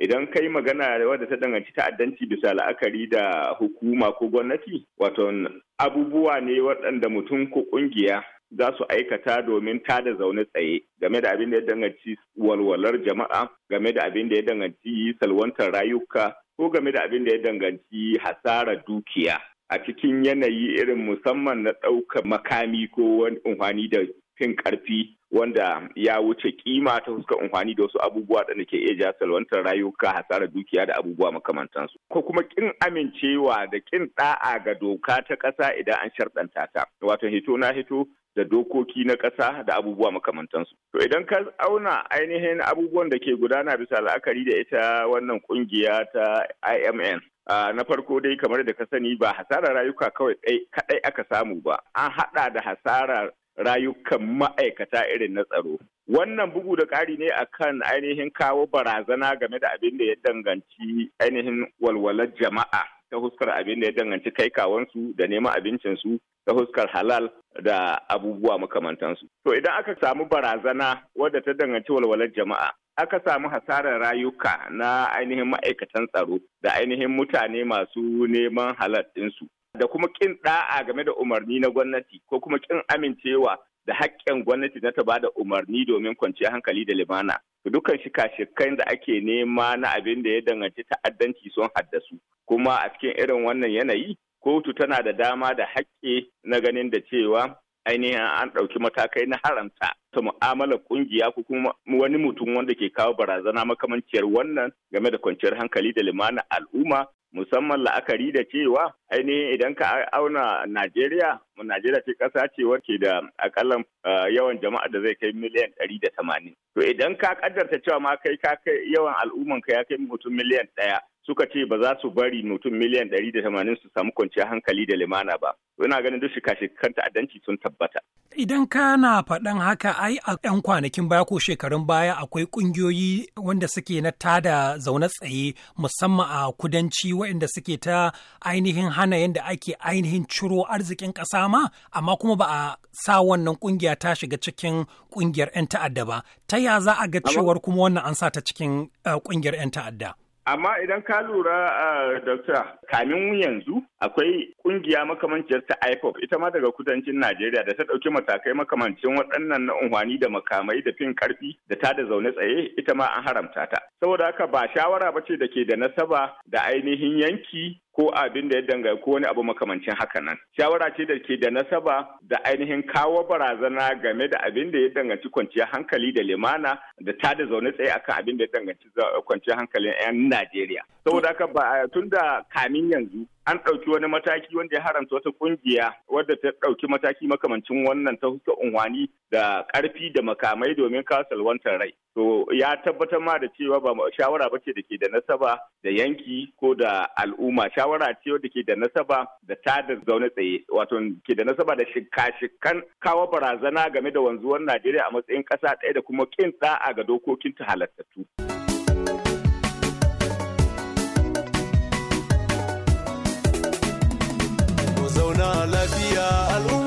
idan kai magana wadda ta danganci ta'addanci bisa la'akari da hukuma ko gwamnati wato abubuwa ne waɗanda mutum ko ƙungiya za su aikata domin tada zaune tsaye game da abin da ya danganci walwalar jama'a game da abin da ya danganci salwantar rayuka ko game da abin da ya danganci hasara dukiya a cikin yanayi irin musamman na ɗaukar makami ko wani da fin ƙarfi wanda ya wuce kima ta fuskar amfani da wasu abubuwa da ke iya ja salwantar rayuka hasarar dukiya da abubuwa makamantansu ko kuma kin amincewa da kin da'a ga doka ta ƙasa idan an sharɗanta ta wato hito na hito da dokoki na ƙasa da abubuwa makamantansu to idan ka auna ainihin abubuwan da ke gudana bisa la'akari da ita wannan kungiya ta IMN Uh, na farko dai kamar da ka sani ba hasarar rayuka kawai kadai aka samu ba an haɗa da hasarar rayukan ma'aikata irin na tsaro. Wannan bugu da ƙari ne akan ainihin kawo barazana game da abin da ya danganci ainihin walwalar jama'a ta huskar abin da ya danganci kai kawansu da neman abincinsu ta huskar halal da abubuwa makamantansu. To idan aka samu barazana wadda ta danganci walwalar jama'a, aka samu hasarar rayuka na ainihin ma'aikatan tsaro da ainihin mutane masu neman halal ɗinsu. da kuma kin da'a game da umarni na gwamnati ko kuma kin amincewa da haƙƙin gwamnati na ta bada umarni domin kwanciya hankali da limana dukkan shika-shikan da ake nema na abin da ya danganci ta'addanci sun haddasu kuma a cikin irin wannan yanayi kotu tana da dama da haƙƙi na ganin da cewa ainihin an ɗauki matakai na haramta ta mu'amalar ƙungiya ko kuma wani mutum wanda ke kawo barazana makamanciyar wannan game da kwanciyar hankali da limana al'umma musamman la'akari da cewa ainihin idan ka auna Najeriya, Najeriya ce ƙasa ce wacce da akalla eh, yawan jama'a da zai kai miliyan ɗari da tamanin. To idan ka kaddarta cewa ma kai ka kai yawan al'umman ka ya kai mutum miliyan ɗaya, suka ce ba za su bari mutum miliyan ɗari da tamanin su samu kwanciyar hankali da limana ba. Ina ganin duk shika-shikan ta'addanci sun tabbata. Idan kana faɗan haka ai a 'yan kwanakin baya ko shekarun baya akwai ƙungiyoyi wanda suke na tada zaune tsaye musamman a kudanci waɗanda suke ta ainihin hana yadda ake ainihin ciro arzikin ƙasa ma amma kuma ba a sa wannan ƙungiya ta shiga cikin ƙungiyar 'yan ta'adda ba. Ta ya za a ga cewar kuma wannan an sa ta cikin eh, ƙungiyar 'yan ta'adda? Amma idan ka lura ah, dr. kamin yanzu akwai kungiya makamanciyar ta IPOP ita ma daga kudancin Najeriya da ta ɗauki matakai makamancin waɗannan na unhwani da makamai da fin karfi da ta da zaune tsaye ita ma an haramta ta. Saboda haka ba shawara ba ce da ke da nasaba da ainihin yanki ko abin da ya danga ko wani abu makamancin haka nan. Shawara ce da ke da nasaba da ainihin kawo barazana game da abin da ya danganci kwanciyar hankali da limana da ta da zaune tsaye akan abin da ya danganci kwanciyar hankalin 'yan Najeriya. Saboda haka ba tun da kamin yanzu an ɗauki wani mataki wanda ya haramta wata ƙungiya wadda ta ɗauki mataki makamancin wannan ta huska unwani da ƙarfi da makamai domin kasalwantar rai. To ya tabbatar ma da cewa ba shawara ba ce da ke da nasaba da yanki ko da al'umma shawara ce wadda ke da nasaba da tada zaune tsaye wato ke da nasaba da shika-shikan kawo barazana game da wanzuwar Najeriya a matsayin ƙasa ɗaya da kuma ƙin ɗa'a ga dokokin ta halattattu. zauna lafiya al'umma